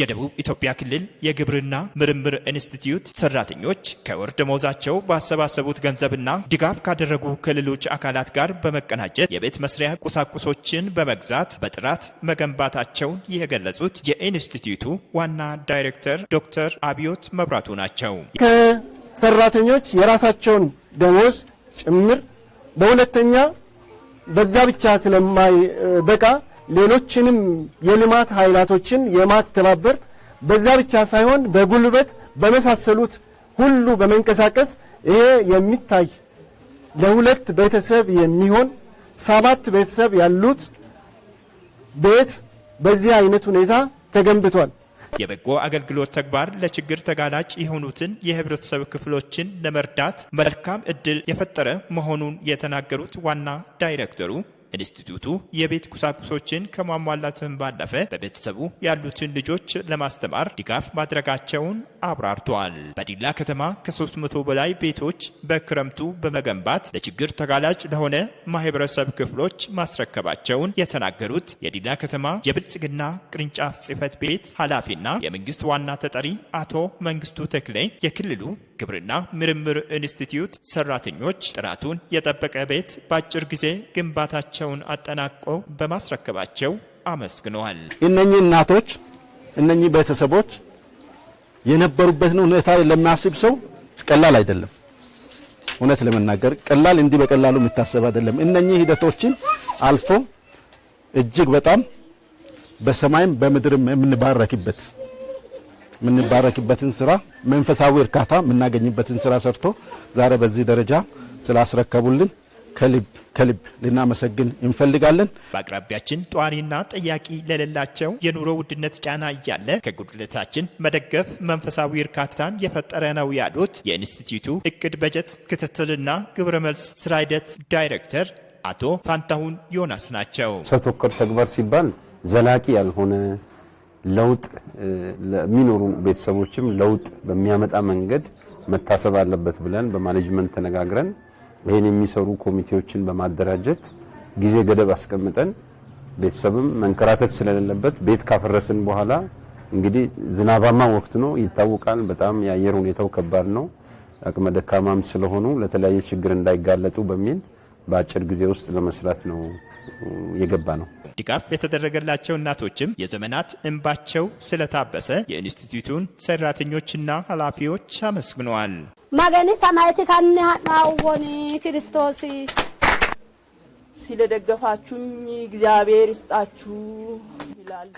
የደቡብ ኢትዮጵያ ክልል የግብርና ምርምር ኢንስቲትዩት ሰራተኞች ከወር ደመወዛቸው ባሰባሰቡት ገንዘብና ድጋፍ ካደረጉ ከሌሎች አካላት ጋር በመቀናጀት የቤት መስሪያ ቁሳቁሶችን በመግዛት በጥራት መገንባታቸውን የገለጹት የኢንስቲትዩቱ ዋና ዳይሬክተር ዶክተር አብዮት መብራቱ ናቸው። ከሰራተኞች የራሳቸውን ደሞዝ ጭምር በሁለተኛ በዛ ብቻ ስለማይበቃ ሌሎችንም የልማት ኃይላቶችን የማስተባበር በዛ ብቻ ሳይሆን በጉልበት በመሳሰሉት ሁሉ በመንቀሳቀስ ይሄ የሚታይ ለሁለት ቤተሰብ የሚሆን ሰባት ቤተሰብ ያሉት ቤት በዚህ አይነት ሁኔታ ተገንብቷል። የበጎ አገልግሎት ተግባር ለችግር ተጋላጭ የሆኑትን የህብረተሰብ ክፍሎችን ለመርዳት መልካም እድል የፈጠረ መሆኑን የተናገሩት ዋና ዳይሬክተሩ ኢንስቲትዩቱ የቤት ቁሳቁሶችን ከማሟላትም ባለፈ በቤተሰቡ ያሉትን ልጆች ለማስተማር ድጋፍ ማድረጋቸውን አብራርተዋል። በዲላ ከተማ ከ300 በላይ ቤቶች በክረምቱ በመገንባት ለችግር ተጋላጭ ለሆነ ማህበረሰብ ክፍሎች ማስረከባቸውን የተናገሩት የዲላ ከተማ የብልጽግና ቅርንጫፍ ጽህፈት ቤት ኃላፊና የመንግስት ዋና ተጠሪ አቶ መንግስቱ ተክሌ የክልሉ ግብርና ምርምር ኢንስቲትዩት ሰራተኞች ጥራቱን የጠበቀ ቤት በአጭር ጊዜ ግንባታቸው ስራቸውን አጠናቀው በማስረከባቸው አመስግነዋል። እነኚህ እናቶች እነኚህ ቤተሰቦች የነበሩበትን ሁኔታ ለሚያስብ ሰው ቀላል አይደለም። እውነት ለመናገር ቀላል እንዲህ በቀላሉ የሚታሰብ አይደለም። እነኚህ ሂደቶችን አልፎ እጅግ በጣም በሰማይም በምድርም የምንባረክበት የምንባረክበትን ስራ መንፈሳዊ እርካታ የምናገኝበትን ስራ ሰርቶ ዛሬ በዚህ ደረጃ ስላስረከቡልን ከልብ ከልብ ልናመሰግን እንፈልጋለን። በአቅራቢያችን ጧሪና ጠያቂ ለሌላቸው የኑሮ ውድነት ጫና እያለ ከጉድለታችን መደገፍ መንፈሳዊ እርካታን የፈጠረ ነው ያሉት የኢንስቲትዩቱ እቅድ በጀት ክትትልና ግብረ መልስ ስራ ሂደት ዳይሬክተር አቶ ፋንታሁን ዮናስ ናቸው። ሰው ተግባር ሲባል ዘላቂ ያልሆነ ለውጥ ለሚኖሩ ቤተሰቦችም ለውጥ በሚያመጣ መንገድ መታሰብ አለበት ብለን በማኔጅመንት ተነጋግረን ይህን የሚሰሩ ኮሚቴዎችን በማደራጀት ጊዜ ገደብ አስቀምጠን ቤተሰብም መንከራተት ስለሌለበት ቤት ካፈረስን በኋላ እንግዲህ ዝናባማ ወቅት ነው ይታወቃል። በጣም የአየር ሁኔታው ከባድ ነው። አቅመ ደካማም ስለሆኑ ለተለያየ ችግር እንዳይጋለጡ በሚል በአጭር ጊዜ ውስጥ ለመስራት ነው የገባ ነው። ድጋፍ የተደረገላቸው እናቶችም የዘመናት እንባቸው ስለታበሰ የኢንስቲትዩቱን ሰራተኞችና ኃላፊዎች አመስግነዋል። መገኒ ሰማያት ከን ሀናወን ክርስቶስ ስለደገፋችሁኝ እግዚአብሔር ይስጣችሁ ይላል።